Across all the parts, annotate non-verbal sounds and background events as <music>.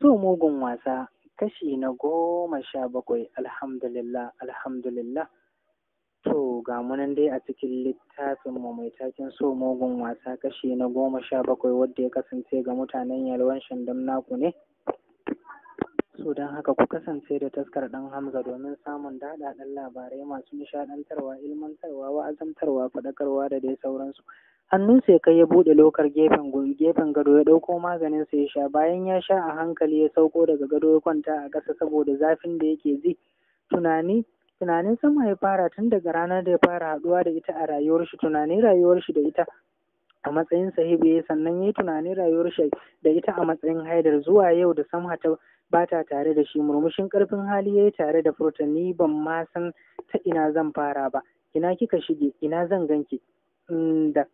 So mugun wasa kashi na goma sha bakwai alhamdulillah alhamdulillah to ga munan dai a cikin littafin mu mai takin so mugun wasa kashi na goma sha bakwai wadda ya kasance ga mutanen yalwan shandam ne so don haka ku kasance da taskar ɗan hamza domin samun daɗaɗɗen labarai masu nishaɗantarwa ilmantarwa wa'azantarwa faɗakarwa da dai sauransu hannun ya kai ya buɗe lokar gefen gado ya ɗauko sai ya sha, bayan ya sha a hankali ya sauko daga gado ya kwanta a ƙasa saboda zafin da yake ji. Tunani tunanin sama ya fara tun daga ranar da ya fara haɗuwa da ita a rayuwar shi, tunanin rayuwar shi da ita a matsayin sahibiye sannan ya yi tunanin rayuwar shi da ita a matsayin haidar zuwa yau da sama ta ba ta tare da shi murmushin ƙarfin hali ya yi tare da furta ni ban ma san ta ina zan fara ba ina kika shige ina zan ganki da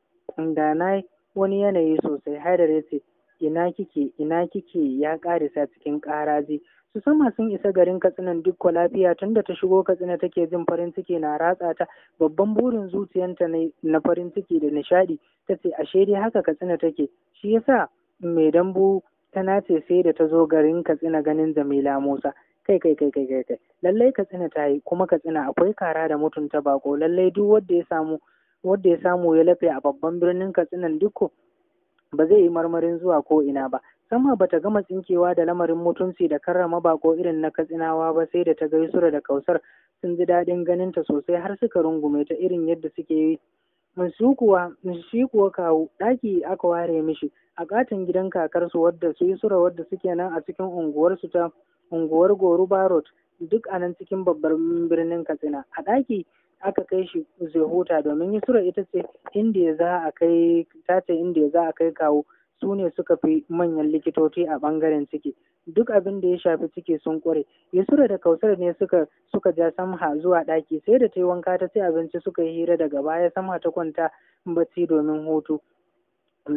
da na wani yanayi sosai haidar ya ce ina kike ina kike ya karisa cikin karaji su sama sun isa garin katsinan duk lafiya tunda ta shigo katsina take jin farin ciki na ratsa ta babban burin zuciyanta ne na farin ciki da nishadi ta ce a dai haka katsina take shi yasa mai dambu ta nace sai da ta zo garin katsina ganin jamila musa kai kai kai kai kai lallai katsina ta yi kuma katsina akwai kara da mutunta bako lallai duk wanda ya samu wanda ya samu ya lafe a babban birnin Katsina dukko ba zai yi marmarin zuwa ko ina ba sama ta gama tsinkewa da lamarin mutunci da karrama bako irin na katsinawa ba sai da ta gaisura da kausar sun ji daɗin ganinta sosai har suka rungume ta irin yadda suke yi shi kuwa kawo ɗaki aka ware mishi a katin gidan kakarsu wadda su yi sura wadda suke nan a cikin unguwarsu ta unguwar goruba road duk a nan cikin babbar birnin katsina a ɗaki aka kai shi huta domin Yusra ita ce inda za a kai ta ce inda za a kai kawo su ne suka fi manyan likitoci a bangaren ciki duk abin da ya shafi ciki sun kware Yusra da Kausar ne suka suka ja Samha zuwa ɗaki sai da ta yi wanka ta ci abinci suka yi hira daga baya Samha ta kwanta bacci domin hutu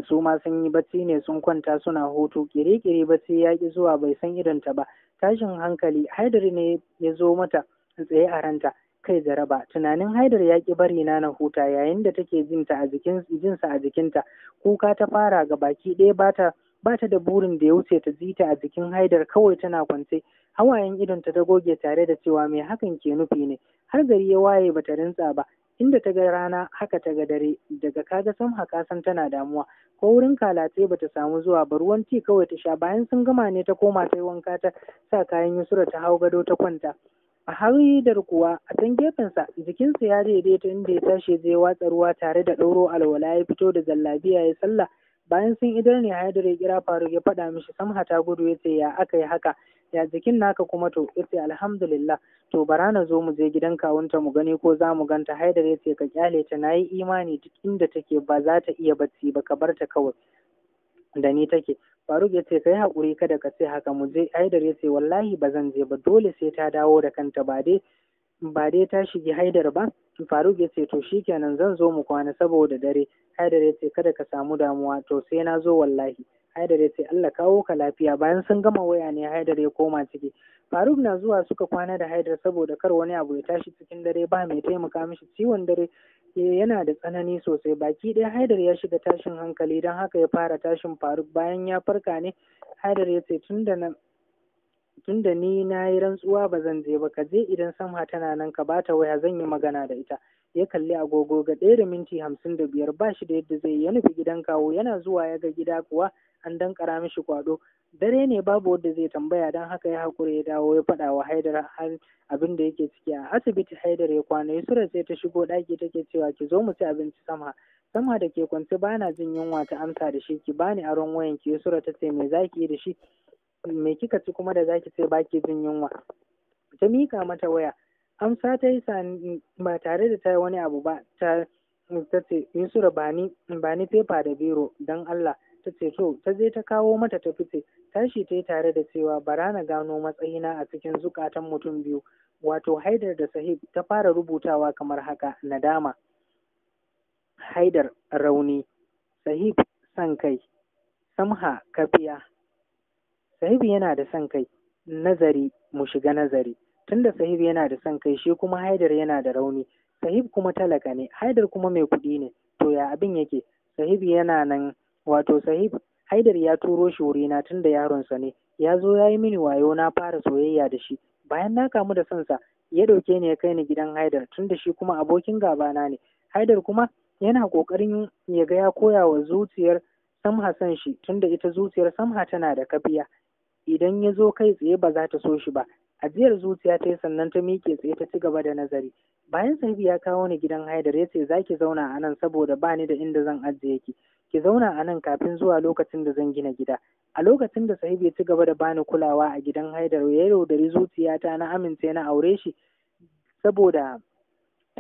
su ma sun yi bacci ne sun kwanta suna hutu kire-kire bacci ya ki zuwa bai san ta ba tashin hankali Haidari ne ya zo mata tsaye a ranta kai jaraba tunanin haidar ya ki bari na na huta yayin da take jinta a jikin jinsa a jikinta kuka ta fara ga baki ɗaya bata bata da burin da ya wuce ta ji ta a jikin haidar kawai tana kwance hawayen idon ta goge tare da cewa mai hakan ke nufi ne har gari ya waye bata rintsa ba inda ta ga rana haka ta ga dare daga kaga sam haka san tana damuwa ko wurin kalatse bata samu zuwa ba ruwan ti kawai ta sha bayan sun gama ne ta koma ta yi wanka ta sa kayan yusura ta hau gado ta kwanta a da kuwa a can gefensa jikinsa ya daidaita inda ya tashi zai watsa ruwa tare da ɗauro alwala ya fito da zallabiya ya sallah bayan sun idar ne haidar ya kira faru ya faɗa mishi samha ta gudu ya ce ya aka yi haka ya jikin naka kuma to ya ce alhamdulillah to bara na zo mu je gidan kawunta mu gani ko za mu ganta haidar ya ce ka kyale ta na yi imani duk inda take ba za ta iya bacci ba ka bar ta kawai da ni take Faruk ya ce ka yi haƙuri kada ka ce haka mu je Haidar ya ce wallahi ba zan je ba dole sai ta dawo da kanta ba dai ba dai ta shige Haidar ba Faruk ya ce to shikenan zan zo mu kwana saboda dare Haidar ya ce kada ka samu damuwa to sai na zo wallahi Haidar ya ce Allah kawo ka lafiya bayan sun gama waya ne Haidar ya koma ciki. Faruk na zuwa suka kwana da Haidar saboda kar wani abu ya tashi cikin dare ba mai taimaka mishi ciwon dare e, yana da tsanani sosai baki ɗaya Haidar ya shiga tashin hankali don haka ya fara tashin Faruk bayan ya farka ne Haidar ya ce tun da tunda ni na yi rantsuwa ba zan je ba ka je idan samha tana nan ka bata waya zan yi magana da ita ya kalli agogo ga ɗaya da minti hamsin da biyar ba shi da yadda zai yi. ya nufi gidan kawo yana zuwa ya ga gida kuwa an dankara mishi kwaɗo? dare ne babu wanda zai tambaya don haka ya hakuri ya dawo ya faɗa wa haidar abin da yake ciki a asibiti haidar ya kwana yusra sai ta shigo ɗaki take cewa ki zo mu ci abinci sama sama da ke kwance bana jin yunwa ta amsa da shi ki bani aron wayan ki yusra ta ce me zaki yi da shi me kika ci kuma da zaki ce baki jin yunwa ta mika mata waya amsa ta yi ba tare da ta yi wani abu ba ta ta ce yusura ba ni ba ni fefa da biro don allah ta ce to ta je ta kawo mata ta fice tashi ta yi tare da cewa bara na gano matsayina a cikin zukatan mutum biyu wato haidar da sahib ta fara rubutawa kamar haka nadama haidar rauni sahib san kai samha kafiya sahibi yana da son kai nazari mu shiga nazari tunda sahib yana da son kai shi kuma haidar yana da rauni sahib kuma talaka ne haidar kuma mai kuɗi ne to ya abin yake sahibi yana nan wato sahib haidar ya turo shi wurina tunda yaronsa ne ya zo ya yi mini wayo na fara soyayya da shi bayan na kamu da sonsa ya ɗauke ni ya kai ni gidan haidar tunda shi kuma abokin gabana ne haidar kuma yana ƙoƙarin ya ga ya koya wa zuciyar samha son shi tunda ita zuciyar samha tana da kabiya idan ya zo kai tsaye ba za ta so shi ba ajiyar zuciya ta yi sannan ta miƙe tsaye ta ci gaba da nazari bayan sahibi ya kawo ni gidan haidar ya ce za ki zauna a nan saboda ba ni da inda zan ajiye ki ki zauna a nan kafin zuwa lokacin da zan gina gida a lokacin da sahibi ya ci gaba da bani kulawa a gidan haidar ya yaudari zuciyata na amince na aure shi saboda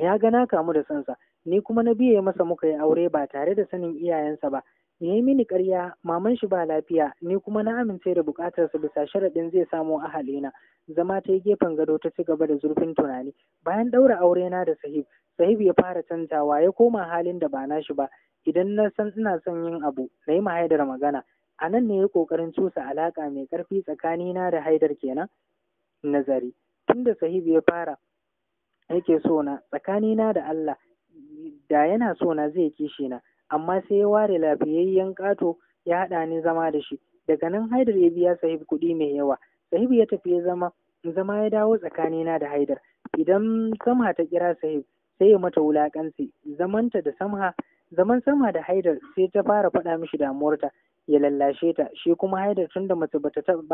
ya ga na kamu da sansa ni kuma na biye masa muka yi aure ba tare da sanin iyayensa ba ya yi mini ƙarya maman shi ba lafiya ni kuma na amince da buƙatarsa bisa sharaɗin zai samo ahalina zama ta yi gefen gado ta ci gaba da zurfin tunani bayan ɗaura aure na da sahib sahib ya fara canzawa ya koma halin da ba nashi ba idan na san ina son yin abu na yi haidar magana a nan ne ya ƙoƙarin cusa alaƙa mai ƙarfi tsakanina da haidar kenan nazari tunda sahib ya fara yake so na tsakanina da Allah da yana so na zai kishi na amma sai ya ware lafiyayyen ƙato ya haɗa ni zama da shi daga nan haidar ya biya sahib kuɗi mai yawa sahib ya tafi ya zama zama ya dawo tsakanina da haidar idan samha ta kira sahib sai ya mata wulaƙanci zamanta da samha zaman samha da haidar sai ta fara faɗa mishi damuwarta ya lallashe ta shi kuma haidar tun da mace ba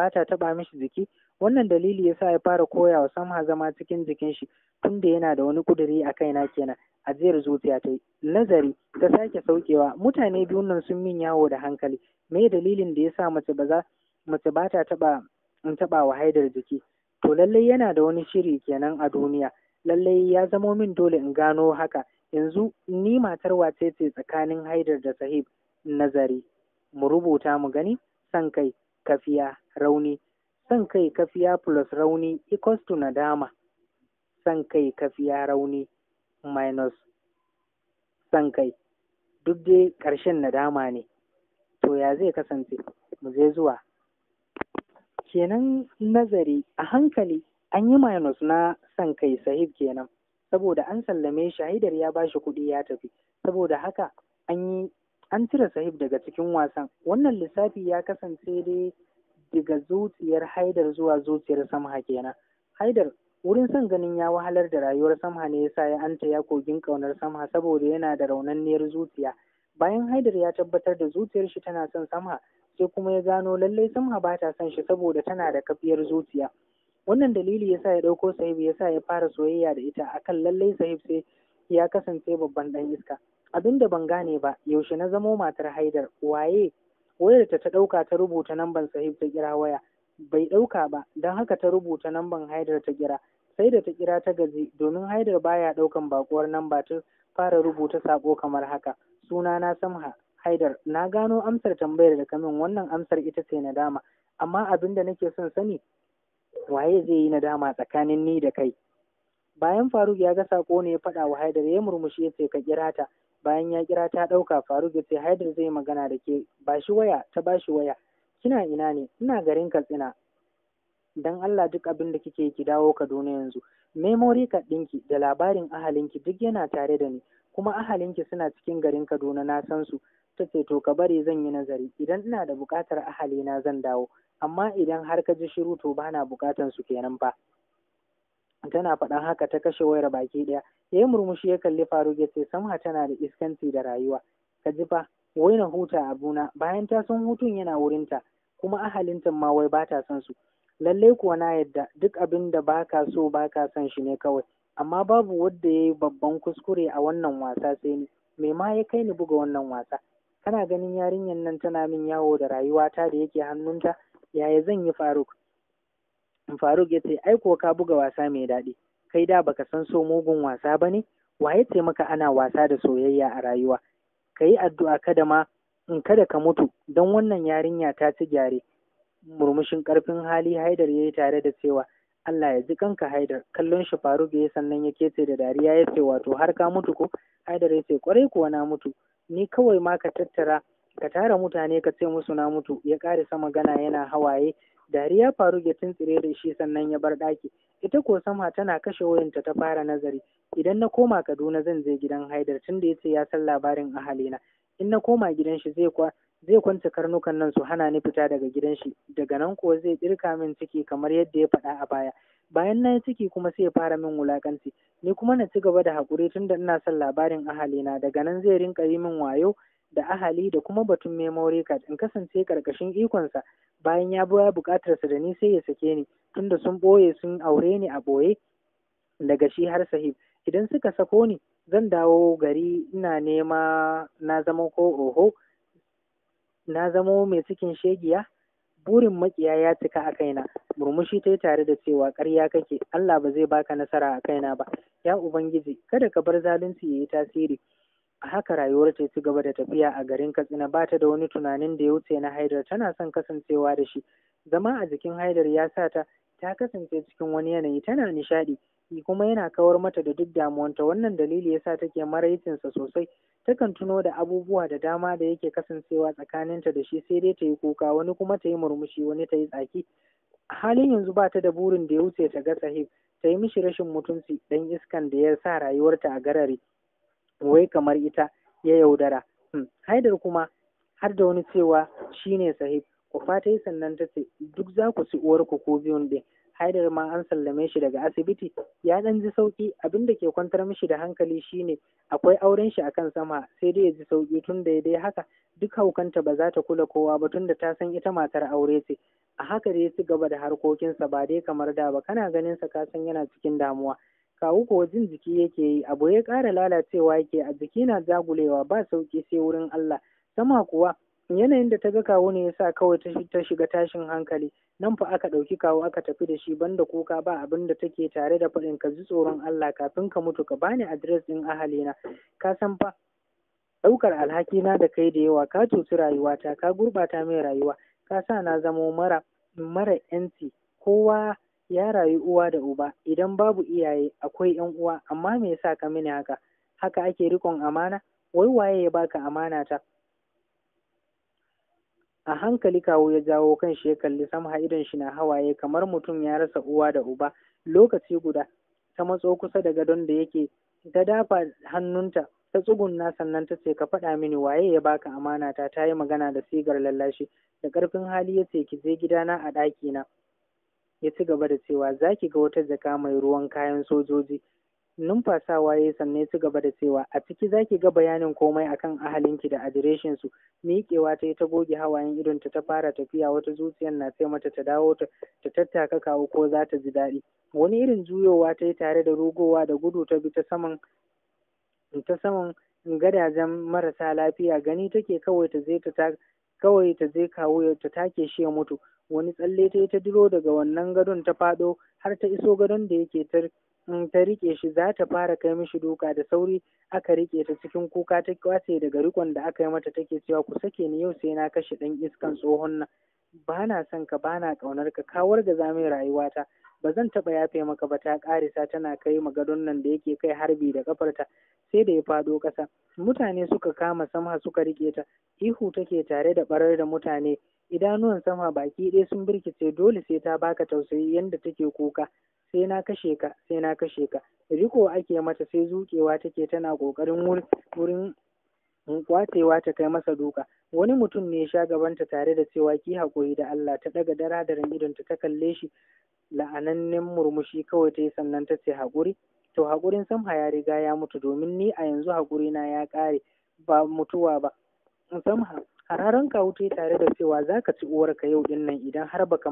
ta taba mishi jiki wannan dalili ya sa ya fara koya wa samha zama cikin jikin shi tun da yana da wani kuduri a kaina kenan ajiyar zuciya ta yi nazari ta sake saukewa mutane biyu nan sun min yawo da hankali me dalilin da ya sa mace ba za mace ba ta taba in taba wa haidar jiki to lallai yana da wani shiri kenan a duniya lallai ya zamo min dole in gano haka yanzu ni matar wace ce tsakanin haidar da sahib nazari mu rubuta mu gani san kai kafiya rauni san kai kafiya plus rauni equals to nadama san kai kafiya rauni minus san kai duk dai ƙarshen nadama ne to ya zai kasance mu je zuwa kenan nazari a hankali an yi minus na san kai sahib kenan saboda an sallame shahidar ya ya bashi kuɗi ya tafi saboda haka an yi an cire sahib daga cikin wasan wannan lissafi ya kasance dai daga zuciyar haidar zuwa zuciyar samha kenan haidar wurin son ganin ya wahalar da rayuwar samha ne yasa ya anta ya kogin kaunar samha saboda yana da raunanniyar zuciya bayan haidar ya tabbatar da zuciyar shi tana son samha sai kuma ya gano lallai samha ba ta son shi saboda tana da kafiyar zuciya wannan dalili yasa ya ɗauko sahib yasa ya fara soyayya da ita akan lallai sahib sai ya kasance babban ɗan iska abin da ban gane ba yaushe na zamo matar haidar waye wayarta ta ɗauka ta rubuta namban sahib ta kira waya bai ɗauka ba don haka ta rubuta namban haidar ta kira sai da ta kira ta gaji domin haidar baya ɗaukan bakuwar namba ta fara rubuta sako kamar haka suna na samha haidar na gano amsar tambayar da kamin wannan amsar ita ce na dama, amma abin da nake son sani waye zai yi na dama tsakanin ni da kai bayan faruk ya ga sako ne ya faɗa wa haidar ya murmushi ya ce ka kira ta bayan ya kira ta ɗauka faruk ya ce haidar zai magana da ke ba shi waya ta ba shi waya kina ina ne ina garin katsina Don allah duk abin da kike ki dawo kaduna yanzu Memori card ɗinki da labarin ahalinki duk yana tare da ni kuma ahalinki suna cikin garin kaduna na san su ta ce to ka bari zan yi nazari idan ina da buƙatar na zan dawo amma idan har ka ji shiru to bana buƙatar su kenan fa tana faɗan haka ta kashe wayar baki ɗaya ya yi murmushi ya kalli faruk ya ce samha tana da iskanci da rayuwa ka ji fa wai na huta abuna bayan ta san hutun yana wurinta kuma ahalinta ma wai ba ta son su lallai kuwa na yadda duk abin da ba ka so ba ka son shi ne kawai amma babu wanda ya yi babban kuskure a wannan wasa sai ni me ma ya kai ni buga wannan wasa kana ganin yarinyar nan tana min yawo da rayuwata da yake hannunta yaya zan yi faruk faruk ya ce ai ko ka buga wasa mai daɗi kai da baka san so mugun wasa ba ne waye ce maka ana wasa da soyayya a rayuwa ka yi addu'a kada ma in kada ka mutu don wannan yarinya ta ci gyare murmushin ƙarfin hali haidar ya yi tare da cewa Allah ya ji kanka haidar kallon shi faruk ya sannan ya kece da dariya ya ce wato har ka mutu ko haidar ya ce kwarai kuwa na mutu ni kawai ma ka tattara ka tara mutane ka ce musu na mutu ya ƙarisa magana yana hawaye dariya faruk ya tuntsire da shi sannan ya bar ɗaki ita ko sama tana kashe wayanta ta fara nazari idan na koma kaduna zan je gidan haidar tunda yace ya san labarin ahalina in na koma gidan shi zai kwa zai kwanta karnukan nan su hana ni fita daga gidan shi daga nan ko zai dirka min ciki kamar yadda ya faɗa a baya bayan na yi ciki kuma sai ya fara min wulakanci ni kuma na ci gaba da haƙuri tunda ina son labarin ahalina daga nan zai rinka yi min wayo da ahali da kuma batun memory card in kasance karkashin ikonsa bayan ya bukatar sa, da ni sai ya sake ni tunda sun boye sun aure ni a ɓoye daga shi har sahib idan suka sako ni zan dawo gari ina nema na zama ko oho na zamo mai cikin shegiya burin makiya ya cika a kaina murmushi ta yi tare da cewa ƙarya kake Allah ba zai baka nasara a kaina ba ya ubangiji kada ka bar zalunci yi tasiri a haka rayuwar ta ci gaba da tafiya a garin katsina ba ta da wani tunanin da ya wuce na haidar tana son kasancewa da shi zama a jikin haidar ya sa ta ta kasance cikin wani yanayi tana nishaɗi kuma yana kawar mata da duk damuwanta wannan dalili yasa take maraicinsa sosai takan tuno da abubuwa da dama da yake kasancewa tsakaninta da shi sai dai ta yi kuka wani kuma ta yi murmushi wani ta yi tsaki halin yanzu ba ta da burin da ya wuce ta ga sahib ta yi mishi rashin mutunci dan iskan da ya sa rayuwarta a garare wai kamar ita ya yaudara hmm. haidar kuma har da wani cewa shine sahib kufa ta yi sannan ta ce duk za ku ci uwarku ko biyun ɗin haidar ma an sallame shi daga asibiti ya ɗan ji sauƙi abin da ke kwantar mishi da hankali shine akwai auren shi akan sama sai dai ya ji sauƙi tun da ya dai haka duk haukanta ba za ta kula kowa ba tun da ta san ita matar aure ce a haka dai ci gaba da harkokinsa ba dai kamar da ba kana ganin sa ka san yana cikin damuwa kawu kuwa jin jiki yake yi abu ya ƙara lalacewa yake a jiki na jagulewa ba sauki sai wurin Allah sama kuwa yanayin da ta ga kawu ne yasa kawai ta shiga tashin hankali nan fa aka ɗauki kawu aka tafi da shi banda kuka ba abin da take tare da faɗin ka ji tsoron Allah kafin ka mutu ka bani adres ɗin ahalina ka san fa ɗaukar na da kai da yawa ka cuci rayuwata ka gurɓata mai rayuwa ka sa na zamo mara mara yanci kowa ya rayu uwa da uba idan babu iyaye akwai yan uwa amma me yasa ka mini haka haka ake rikon amana wai waye ya baka amana ta a hankali kawo ya jawo kan shi ya kalli sama idon shi na hawaye kamar mutum ya rasa uwa da uba lokaci guda ta matso kusa da gadon da yake ta dafa hannunta ta tsugunna sannan ta ce ka faɗa mini waye ya baka amana ta ta yi magana da sigar lallashi da ƙarfin hali ya ce ki je gidana a ɗakina ya ci gaba da cewa za ki ga wata jaka mai ruwan kayan sojoji numfasawa ya sannan ya ci gaba da cewa a ciki za ki ga bayanin komai akan ahalinki da adireshin su miƙewa ta yi ta goge hawayen idon ta fara tafiya wata zuciyar na sai mata ta dawo ta tattaka kawo ko za ta ji daɗi wani irin juyowa ta yi tare da rugowa da gudu ta bi ta saman ta saman gadajen marasa lafiya gani take kawai ta zai ta kawai ta je kawo ta take shi ya mutu wani tsalle ta yi ta diro daga wannan gadon ta faɗo har ta iso gadon da yake ta In ta riƙe shi za ta fara kai mishi doka, da sauri aka riƙe ta cikin kuka ta kwace daga rikon da aka yi mata take cewa ku sake ni yau sai na kashe ɗan iskan tsohon nan ba na son ka ba na ƙaunar ka kawar ga za mai rayuwata ba zan taɓa yafe maka ba ta ƙarisa tana kai ma gadon nan da yake kai harbi da ƙafarta sai da ya faɗo ƙasa mutane suka kama samha suka riƙe ta ihu take tare da ɓarar da mutane idanuwan sama baki ɗaya sun birkice dole sai ta baka tausayi yadda take kuka sai na kashe ka sai na kashe ka riko ake mata sai zuƙewa take tana ƙoƙarin wurin kwatewa ta kai masa duka wani mutum ne ya sha gabanta tare da cewa ki hakuri da Allah ta daga da idonta ta kalle shi la'anannen murmushi kawai ta yi sannan ta ce haƙuri to haƙurin samha ya riga ya mutu domin ni a yanzu hakuri na ya ƙare ba mutuwa ba samha Hararan kawu ta tare da cewa za ka ci uwarka yau din nan idan har baka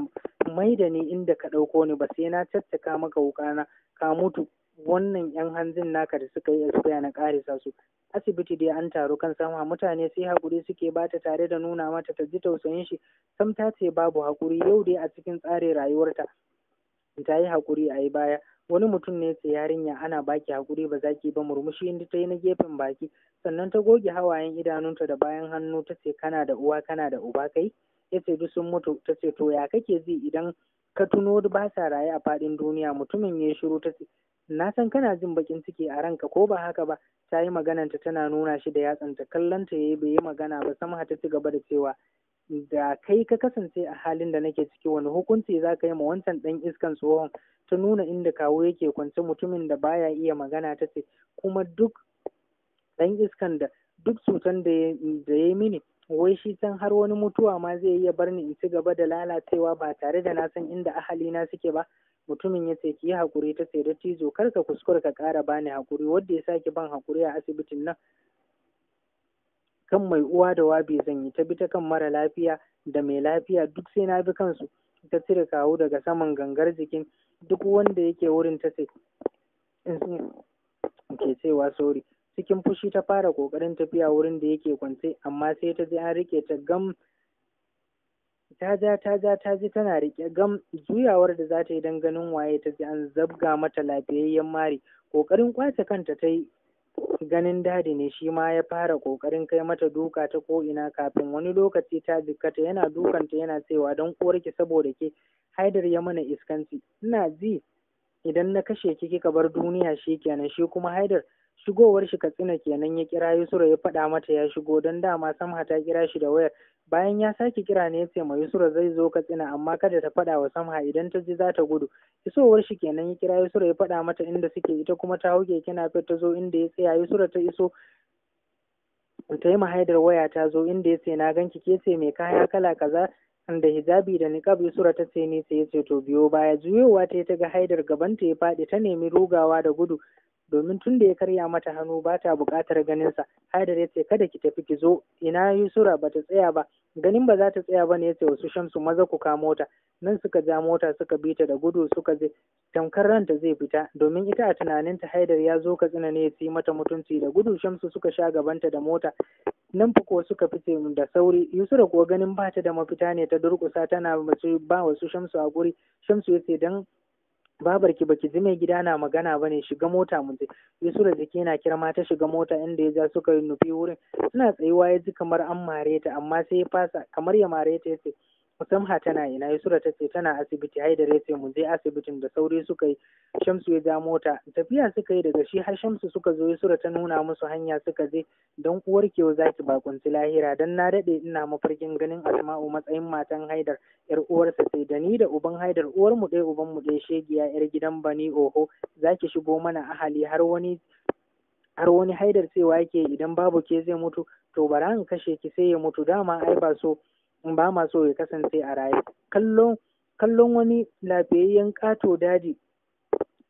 mai da ni inda ka ɗauko ni ba sai na caccaka maka wukana ka mutu wannan yan hanzin naka da suka yi expire na ƙarisa su. Asibiti dai an taru kan sama mutane sai hakuri suke bata tare da nuna mata ta ji tausayin shi sam ta ce babu hakuri yau dai a cikin tsarin rayuwarta ta yi hakuri a yi baya wani mutum ne sai yarinya ana baki hakuri ba zaki ba murmushi inda ta yi na gefen baki sannan ta goge hawayen idanunta da bayan hannu ta ce kana da uwa kana da uba kai ya ce duk sun mutu ta ce to ya kake ji idan ka tuno ba sa raye a faɗin duniya mutumin ya shiru ta ce na san kana jin bakin ciki a ranka ko ba haka ba ta yi magananta tana nuna shi da yatsanta kallonta ya yi bai yi magana ba sama ta ci gaba da cewa da kai ka kasance a halin da nake ciki wani hukunci za ka yi ma wancan ɗan iskan tsohon ta nuna inda kawo yake kwance mutumin da baya iya magana ta ce kuma duk ɗan iskan da duk cutan da ya yi mini wai shi can har wani mutuwa ma zai iya barni in ci gaba da lalacewa ba tare da na san inda ahalina suke ba mutumin ya ce ki yi hakuri ta sai da tizo kar ka kuskura ka ƙara bani hakuri, wanda ya sake ban hakuri a asibitin nan kan mai uwa da wabi zan yi ta bi ta kan mara lafiya da mai lafiya duk sai na bi kansu ta cire kawu daga saman gangar jikin duk wanda yake wurin ta sai ke cewa sori cikin fushi ta fara kokarin tafiya wurin da yake kwance amma sai ta ji an rike ta gam ta ja ta ja ta ji tana rike gam juyawar da za ta yi don ganin waye ta ji an zabga mata lafiyayyen mari kokarin kwace kanta ta yi ganin dadi ne shi ma ya fara ƙoƙarin kai mata duka ta ko'ina kafin wani lokaci ta jikkata yana dukanta yana cewa don uwarki saboda ke haidar ya mana iskanci ina ji idan na kashe ki kika bar duniya shikenan shi kuma haidar shigowar shi katsina kenan ya kira yusura ya faɗa mata ya shigo don dama samha ta kira shi da wayar bayan ya sake kira ne ya ce ma yusura zai zo katsina amma kada ta faɗa wa samha idan ta ji za ta gudu isowar shi kenan ya kira yusura ya faɗa mata inda suke ita kuma ta hau kina na ta zo inda ya tsaya yusura ta iso ta yi mahaidar waya ta zo inda ya ce na ganki ke ce mai kaya kala kaza da hijabi da niqab yusura ta ce ni sai ya ce to biyo baya juyowa ta ta ga haidar gabanta ya faɗi ta nemi rugawa da gudu domin tun da ya karya mata hannu ba ta buƙatar ganinsa haidar ya ce kada ki tafi ki zo ina yusura ba ta tsaya ba ganin ba za ta tsaya ba ne ya ce wasu shamsu maza ku kamo ta nan suka ja mota suka bi ta da gudu suka je tamkar ranta zai fita domin ita a tunaninta haidar ya zo katsina ne ya ci mata mutunci da gudu shamsu suka sha gabanta da mota nan fuko suka fice da sauri yusura kuwa ganin ba ta da mafita ne ta durƙusa tana ba wasu shamsu a guri shamsu ya ce dan babarki baki ji mai gida na magana bane shiga mota mun je yusuf da jiki yana kira ta shiga mota inda ya ja suka nufi wurin suna tsayuwa ya ji kamar an mare ta amma sai ya fasa kamar ya mare ta yace Musamman tana ina Yusra ta ce tana asibiti Haidar ya ce mu je asibitin da sauri suka yi Shamsu ya ja mota tafiya suka yi daga shi har Shamsu suka zo Yusra ta nuna musu hanya suka je don uwar kewa za ki bakunci lahira don na daɗe ina mafarkin ganin Asma'u matsayin matan Haidar yar uwarsa sai da ni da uban Haidar uwar mu ɗaya uban mu ɗaya shegiya yar gidan Bani Oho za ki shigo mana ahali har wani har wani Haidar cewa yake idan babu ke zai mutu to bara in kashe ki sai ya mutu dama ai ba so ba ma so ya kasance a raye kallon kallon wani lafiyayyen ƙato daji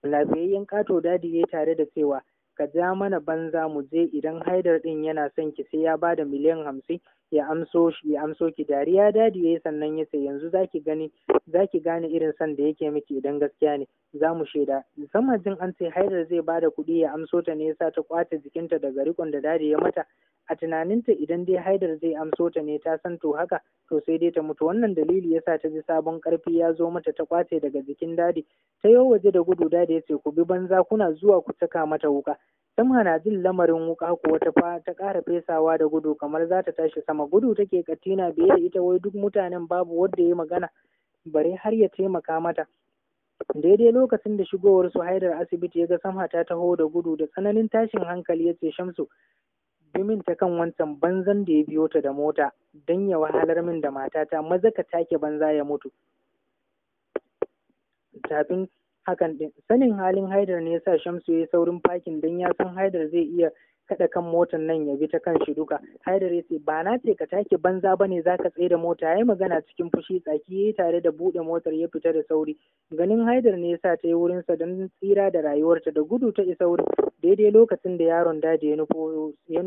lafiyayyen ƙato daji ya tare da cewa ka ja mana banza mu je idan haidar ɗin yana son ki sai ya ba da miliyan hamsin ya amso ya amso ki dariya dadi yi sannan ya ce yanzu zaki gani zaki gane irin son da yake miki idan gaskiya ne za mu shaida musamman jin an ce haidar zai ba da kuɗi ya amso ta ne yasa ta kwace jikinta daga rikon da dadi ya mata a tunaninta idan dai haidar zai amso ta ne ta san to haka to sai dai ta mutu wannan dalili sa ta ji sabon ƙarfi ya zo mata ta kwace daga jikin dadi ta yi waje da gudu dadi ya ce ku bi banza kuna zuwa ku caka mata wuka sama na jin lamarin wuka kuwa fa ta ƙara fesawa da gudu kamar za ta tashi sama gudu take katina biye da ita wai duk mutanen babu wanda ya magana bare har ya taimaka mata daidai lokacin da shigowar su haidar asibiti ya ga samha ta taho da gudu da tsananin tashin hankali ya ce shamsu bimin ta kan wancan banzan da ya biyo ta da mota don ya wahalar min da matata maza ka take banza ya mutu tafin hakan din sanin halin haidar ne ya sa shamsu ya yi saurin fakin don ya san haidar zai iya kada kan motar nan ya bi ta kan shi duka haidar yace ba na ce ka take banza ba ne za ka tsaye da mota yi magana cikin fushi tsaki yayi tare da buɗe motar ya fita da sauri ganin haidar ne ya sa ta yi wurin sa don tsira da rayuwarta da gudu ta isa wuri? daidai lokacin da yaron daji ya nufo ya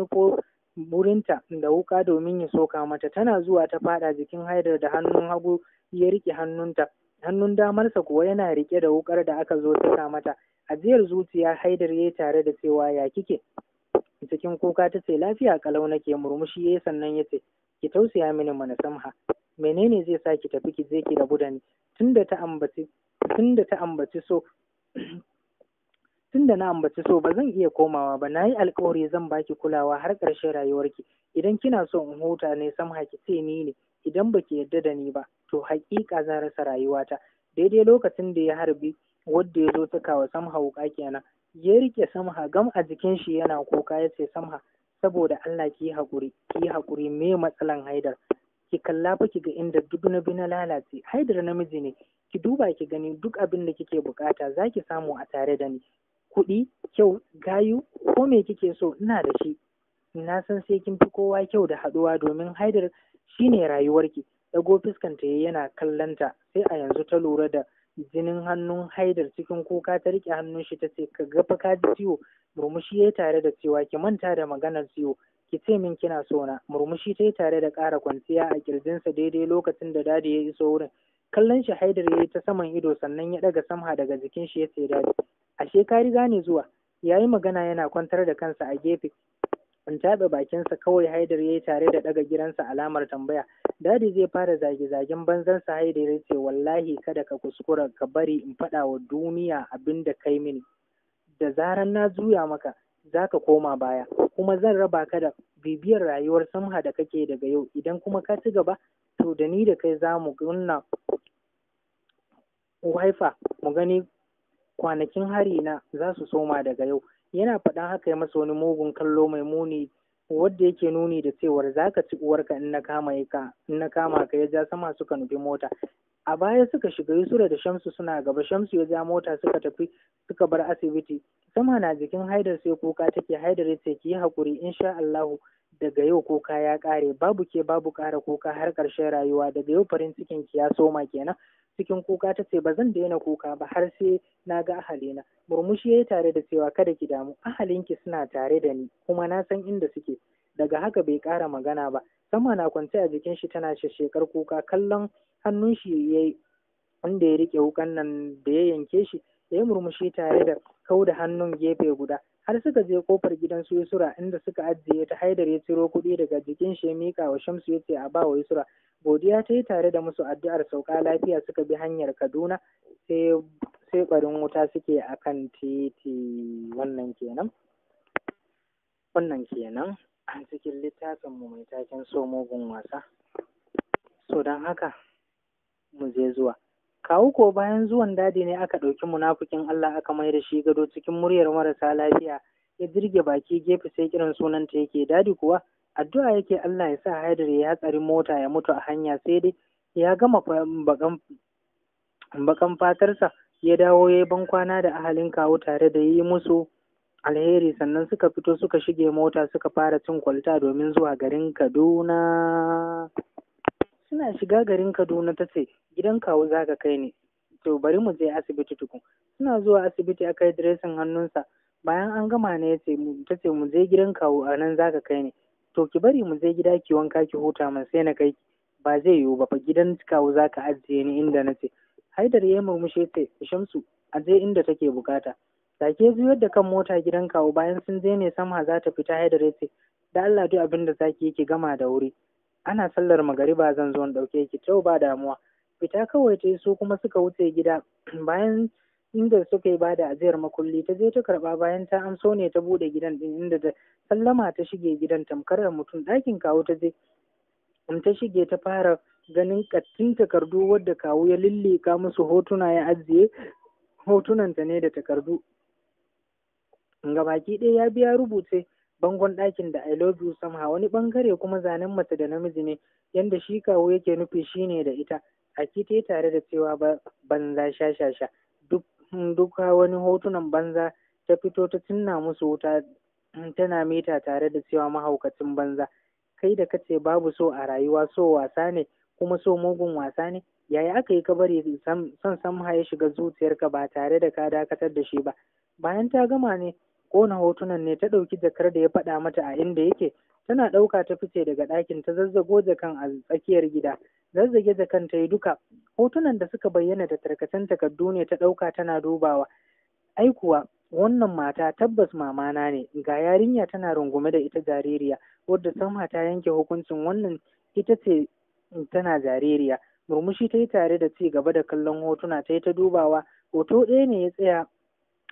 burinta da wuka domin ya soka mata tana zuwa ta fada jikin haidar da hannun hagu ya rike hannunta hannun damarsa kuwa yana rike da wukar da aka zo sa mata ajiyar zuciya haidar yayi tare da cewa ya kike cikin kuka ta ce lafiya kalau nake murmushi ya sannan ya ce ki tausaya mini mana samha menene zai sa ki tafi ki je ki rabu da ni tunda ta ambaci tunda ta ambaci so <clears throat> tunda na ambaci so ba zan iya komawa ba na yi alkawari zan baki kulawa har ƙarshen rayuwarki idan kina so in huta ne samha ki ce ni ne idan baki yarda da ni ba to haƙiƙa zan rasa rayuwata daidai lokacin da ya harbi wanda ya zo takawa samha wuƙa kenan ya riƙe samha gam a jikin shi yana kuka ya ce samha saboda Allah ki haƙuri ki haƙuri me matsalan haidar ki kalla fa ki ga inda duk na na lalace haidar namiji ne ki duba ki gani duk abin da kike bukata zaki samu a tare da ni kuɗi kyau gayu ko me kike so ina da shi na san sai kin fi kowa kyau da haɗuwa domin haidar shine rayuwarki dago fuskanta yayi yana kallanta sai a yanzu ta lura da jinin hannun haidar cikin kuka ta rike hannun shi ta ce ka gafa ka ji ciwo murmushi ya tare da cewa ki manta da maganar ciwo ki ce min kina so na murmushi ta yi tare da ƙara kwanciya a kirjinsa daidai lokacin da dadi ya iso wurin kallon shi haidar ya yi ta saman ido sannan ya ɗaga samha daga jikin shi ya ce dadi ashe ka riga ne zuwa ya yi magana yana kwantar da kansa a gefe in taɓe bakinsa kawai haidar ya yi tare da ɗaga gidansa alamar tambaya dadi zai fara zage-zagen banzarsa haidar ya ce wallahi kada ka kuskura ka bari in faɗa wa duniya abin da kai mini da zaran na juya maka za ka koma baya kuma zan raba ka da bibiyar rayuwar samha da kake daga yau idan kuma ka ci gaba to da ni da kai za mu gunna haifa mu gani kwanakin hari na za su soma daga yau yana faɗan haka ya masa wani mugun kallo mai muni wadda yake nuni da cewar za ka ci uwarka in na kama ka in ya ja sama suka nufi mota a baya suka shiga yusura da shamsu suna gaba shamsu ya ja mota suka tafi suka bar asibiti sama na jikin haidar sai kuka take haidar ce ki yi hakuri insha Allahu daga yau kuka ya ƙare babu ke babu ƙara kuka har ƙarshen rayuwa daga yau farin cikin ki ya soma kenan cikin kuka ta ce ba zan daina kuka ba har sai na ga ahalina murmushi ya yi tare da cewa kada ki damu ahalinki suna tare da ni kuma na san inda suke daga haka bai ƙara magana ba sama na kwance a jikin shi tana shekar kuka kallon hannun shi ya yi wanda ya riƙe wukan nan da ya yanke shi ya yi murmushi tare da kau da hannun gefe guda har suka je kofar gidan su Yusra inda suka ajiye ta Haidar ya ciro kuɗi daga jikin shi ya wa Shamsu ya ce a ba wa Yusra godiya ta yi tare da musu addu'ar sauka lafiya suka bi hanyar Kaduna sai sai barin wuta suke akan titi wannan kenan wannan kenan a cikin littafin mu mai taken so mugun wasa so don haka mu je zuwa kawu ko bayan zuwan dadi ne aka ɗauki munafukin Allah aka mai da shi gado cikin muryar marasa lafiya ya dirge baki gefe sai kiran sunanta yake dadi kuwa addu'a yake Allah ya sa Haidar ya hatsarin mota ya mutu a hanya sai dai ya gama bakan fatarsa ya dawo ya yi bankwana da ahalin kawu tare da yi musu alheri sannan suka fito suka shige mota suka fara cin kwalta domin zuwa garin Kaduna. suna shiga garin kaduna ta ce gidan kawu za ka kai ne to bari mu je asibiti tukun suna zuwa asibiti aka yi diresin hannunsa bayan an gama ne ta ce mu je gidan kawu a nan za ka kai ne to ki bari mu je gida ki wanka ki huta man sai na kai ba zai yiwu ba gidan kawu za ka ajiye ni inda na ce haidar ya murmushe ce shamsu a je inda take bukata ke juyar da kan mota gidan kawu bayan sun je ne sama za ta fita haidar ya ce da Allah duk abin da zaki ki gama da wuri ana sallar magariba zan zo in ɗauke ki kyau ba damuwa fita kawai ta su kuma suka wuce gida <clears throat> bayan inda suka yi bada ajiyar makulli ta je ta karba bayan ta amso ne ta buɗe gidan ɗin, inda ta sallama ta shige gidan tamkar da mutum ɗakin kawo ta je in ta shige ta fara ganin kattin takardu wadda kawo ya lillika musu hotuna ya ajiye hotunanta ne da takardu ga baki ɗaya ya biya rubuce bangon ɗakin da I love you somehow wani bangare kuma zanen mace da namiji ne yanda shi kawo yake nufi shi ne da ita a kite tare da cewa banza shashasha duk wani hotunan banza ta fito ta cinna musu wuta mm, tana mita tare da cewa mahaukacin banza kai da kace babu so a rayuwa so wasa ne kuma so mugun wasa ne yaya aka yi ka bari son samha ya shiga zuciyarka ba tare da ka dakatar da shi ba bayan ta gama ne kona hotunan ne ta ɗauki jakar da ya faɗa mata a inda yake tana ɗauka ta fice daga ɗakin ta zazzago jakan a tsakiyar gida zazzage jakan ta yi duka hotunan da suka bayyana da tarkacen takardu ne ta ɗauka tana dubawa ai kuwa wannan mata tabbas mamana ne ga yarinya tana rungume da ita jaririya wadda sama ta yanke hukuncin wannan ita ce tana jaririya murmushi ta yi tare da ci gaba da kallon hotuna ta yi ta dubawa hoto ɗaya ne ya tsaya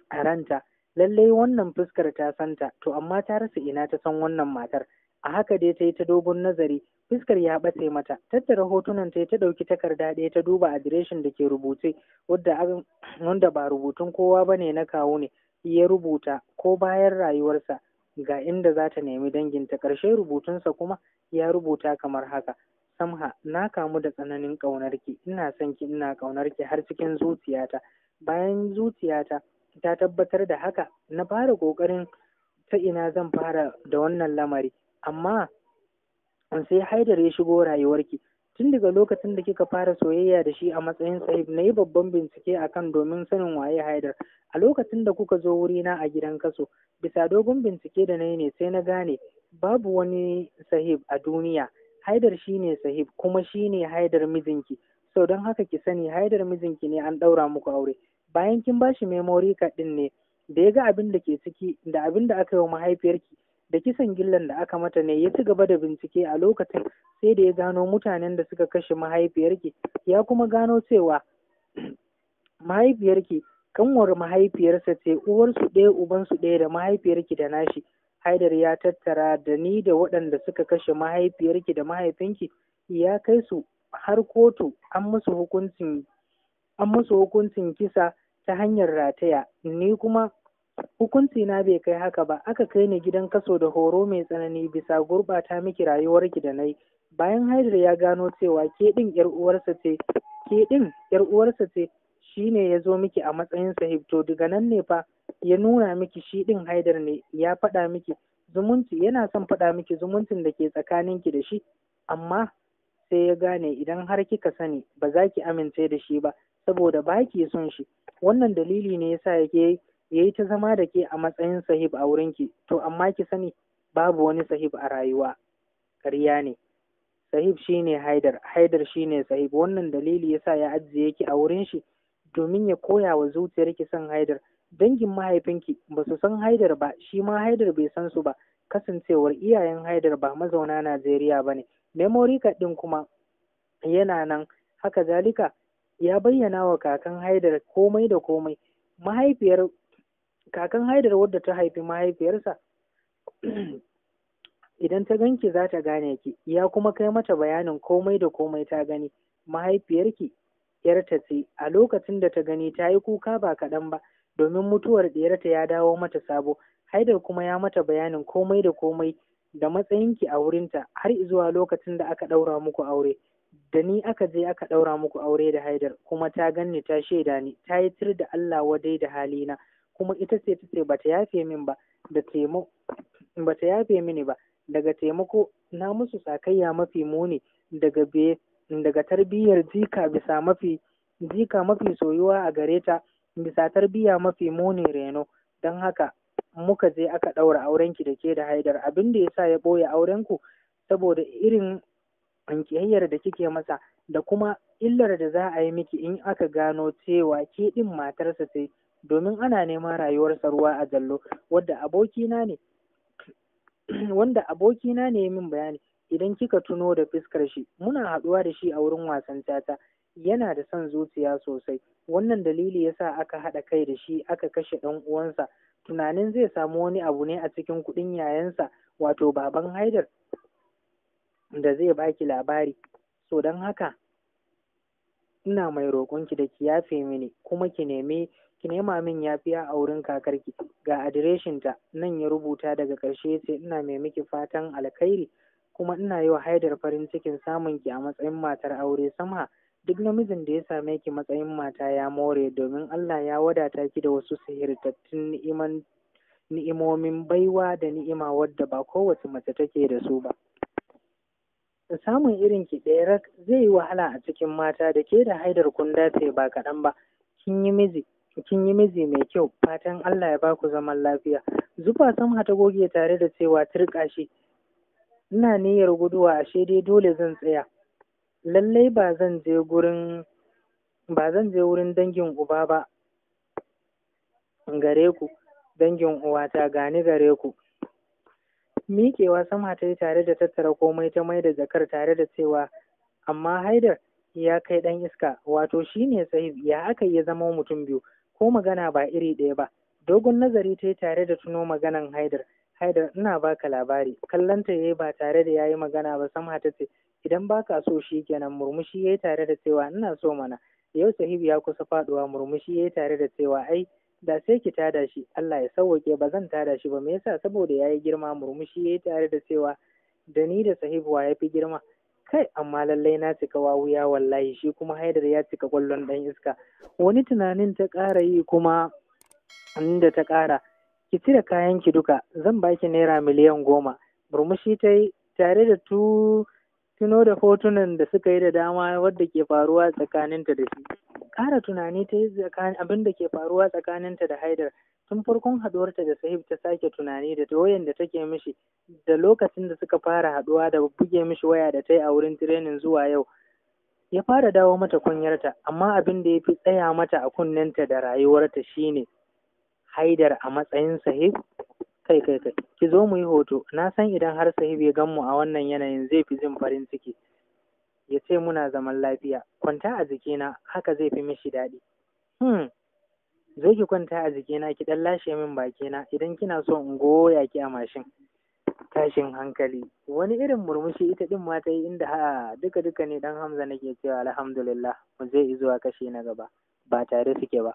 a ranta lallai wannan fuskar ta santa to amma ta rasa ina ta san wannan matar a haka dai ta yi ta dogon nazari fuskar ya ɓace mata tattara hotunan ta yi ta ɗauki takarda ɗaya ta duba adireshin da ke rubuce <clears throat> wanda ba rubutun kowa ba ne na kawu ne ya rubuta ko bayan rayuwarsa ga inda za ta nemi danginta ƙarshe rubutunsa kuma ya rubuta kamar haka samha na kamu da tsananin ƙaunarki ina son ki ina ƙaunarki har cikin zuciyata bayan zuciyata ta tabbatar da haka na fara ƙoƙarin ta ina zan fara da wannan lamari amma sai haidar ya shigo rayuwarki tun daga lokacin da kika fara soyayya da shi a matsayin sahib na yi babban bincike a kan domin sanin waye haidar a lokacin da kuka zo wurina a gidan kaso bisa dogon bincike da na yi ne sai na gane babu wani sahib a duniya haidar shine sahib kuma shine haidar mijinki Sau don haka ki sani haidar mijinki ne an ɗaura muku aure bayan kin ba shi memory card ɗin ne da ya ga abin da ke ciki da abin da aka yi wa mahaifiyarki da kisan gillan da aka mata ne ya ci gaba da bincike a lokacin sai da ya gano mutanen da suka kashe mahaifiyarki ya kuma gano cewa <clears throat> mahaifiyarki kanwar mahaifiyarsa ce uwarsu ɗaya ubansu ɗaya da mahaifiyarki da nashi haidar ya tattara da ni da waɗanda suka kashe mahaifiyarki da mahaifinki ya kai su har kotu an musu an musu hukuncin kisa ta hanyar rataya ni kuma hukunci na bai kai haka ba aka kai ni gidan kaso da horo mai tsanani bisa gurɓata miki rayuwar ki da nayi bayan haidar ya gano cewa ke ɗin yar uwarsa ce ke ɗin yar uwarsa ce shine ya zo miki a matsayin sahib to daga nan ne fa ya nuna miki shi ɗin haidar ne ya faɗa miki zumunci yana son faɗa miki zumuncin da ke tsakanin ki da shi amma sai ya gane idan har kika sani ba za ki amince da shi ba saboda ba ki son shi wannan dalili ne yasa yake yi ta zama da ke a matsayin sahib a wurinki to amma ki sani babu wani sahib a rayuwa ƙarya ne sahib shine haidar haidar shine sahib wannan dalili yasa ya ajiye ki a wurin shi domin ya koya wa zuciyar ki son haidar dangin mahaifinki ba su san haidar ba shi ma haidar bai san su ba kasancewar iyayen haidar ba mazauna najeriya ba ne memory card ɗin kuma yana nan haka zalika ya bayyana wa kakan haidar komai da komai mahaifiyar kakan haidar wadda ta haifi mahaifiyarsa <clears throat> idan ta ganki za ta gane ki ya kuma kai mata bayanin komai da komai ta gani mahaifiyarki yarta ce a lokacin da ta gani ta yi kuka ba kaɗan ba domin mutuwar ɗiyarta ya dawo mata sabo haidar kuma ya mata bayanin komai da komai da matsayinki a wurinta har zuwa lokacin da aka ɗaura muku aure da ni aka je aka ɗaura muku aure da haidar kuma ta ganni ta shaida ni ta yi tir da Allah wadai da halina kuma ita ce ta ce ba ta yafe min ba da taimo ba yafe mini ba daga taimako na musu sakayya mafi muni daga be daga tarbiyyar jika bisa mafi jika mafi soyuwa a gare ta bisa tarbiyya mafi muni reno don haka muka je aka ɗaura aurenki da ke da haidar abin da ya sa ya ɓoye aurenku saboda irin in kiyayyar da kike masa da kuma illar da za a yi miki in aka gano cewa ke ɗin matarsa ce domin ana neman rayuwarsa ruwa a jallo wadda abokina ne wanda abokina ne <clears throat> min bayani idan kika tuno da fuskar shi muna haɗuwa da shi a wurin wasan tata yana da son zuciya sosai wannan dalili yasa aka haɗa kai da shi aka kashe ɗan uwansa tunanin zai samu wani abu ne a cikin kuɗin yayansa wato baban haidar da zai baki labari so don haka ina mai roƙonki da ki yafe mini kuma ki neme ki nema min yafiya a wurin kakarki ga adireshin ta nan ya rubuta daga ƙarshe ya ce ina mai miki fatan alkhairi kuma ina yi wa haidar farin cikin samun ki a matsayin matar aure sama duk namijin da ya same ki matsayin mata ya more domin Allah ya wadata ki da wasu sihirtattun ni'imomin baiwa da ni'ima wadda ba kowace mace take da su ba. samun irin ki ɗaya zai yi wahala a cikin mata da ke da haidar kun dace ba kaɗan ba kin yi miji kin yi miji mai kyau fatan Allah ya baku zaman lafiya zufa sama ta goge tare da cewa turƙa shi ina niyyar guduwa ashe dai dole zan tsaya lallai ba zan je gurin ba zan je wurin dangin uba ba gare ku dangin uwata gani gare ku Mikewa sama ta yi tare da tattara komai ta mai da jakar tare da cewa amma haidar ya kai ɗan iska wato shine sahib ya aka ya zama mutum biyu ko magana ba iri ɗaya ba dogon nazari ta yi tare da tuno maganan haidar haidar ina baka labari kallanta ya yi ba tare da ya yi magana ba sama ta ce idan baka so shi kenan murmushi ya yi tare da cewa ina so mana yau sahib ya kusa faɗuwa murmushi ya yi tare da cewa ai da sai ki tada shi Allah ya sauwake ba zan tada shi ba me yasa saboda yayi girma murmushi yayi tare da cewa da ni da Sahibu ya fi girma kai amma lallai na cika wawuya wallahi shi kuma haidar ya cika kwallon dan iska wani tunanin ta ƙara yi kuma inda ta ƙara ki cire kayan ki duka zan baki naira miliyan goma murmushi ta yi tare da tu tuno da hotunan da suka yi da dama wadda ke faruwa tsakaninta da shi kara tunani ta yi abin da ke faruwa tsakaninta da haidar tun farkon haɗuwarta da sahib ta sake tunani da doyen da take mishi da lokacin da suka fara haɗuwa da buge mishi waya da ta yi a wurin tirenin zuwa yau ya fara dawo mata kunyarta amma abin da ya fi tsaya mata a kunnenta da rayuwarta shine haidar a matsayin sahib kai kai kai ki zo mu yi hoto na san idan har sahib ya gan mu a wannan yanayin zai fi jin farin ciki ya ce muna zaman lafiya kwanta a jikina haka zai fi mishi daɗi hmm zo ki kwanta a jikina ki ɗan lashe min bakina idan kina so in goya ki a mashin tashin hankali wani irin murmushi ita ɗin ma ta yi inda ha duka duka ne ɗan hamza nake cewa alhamdulillah mu zai zuwa kashe na gaba ba tare suke ba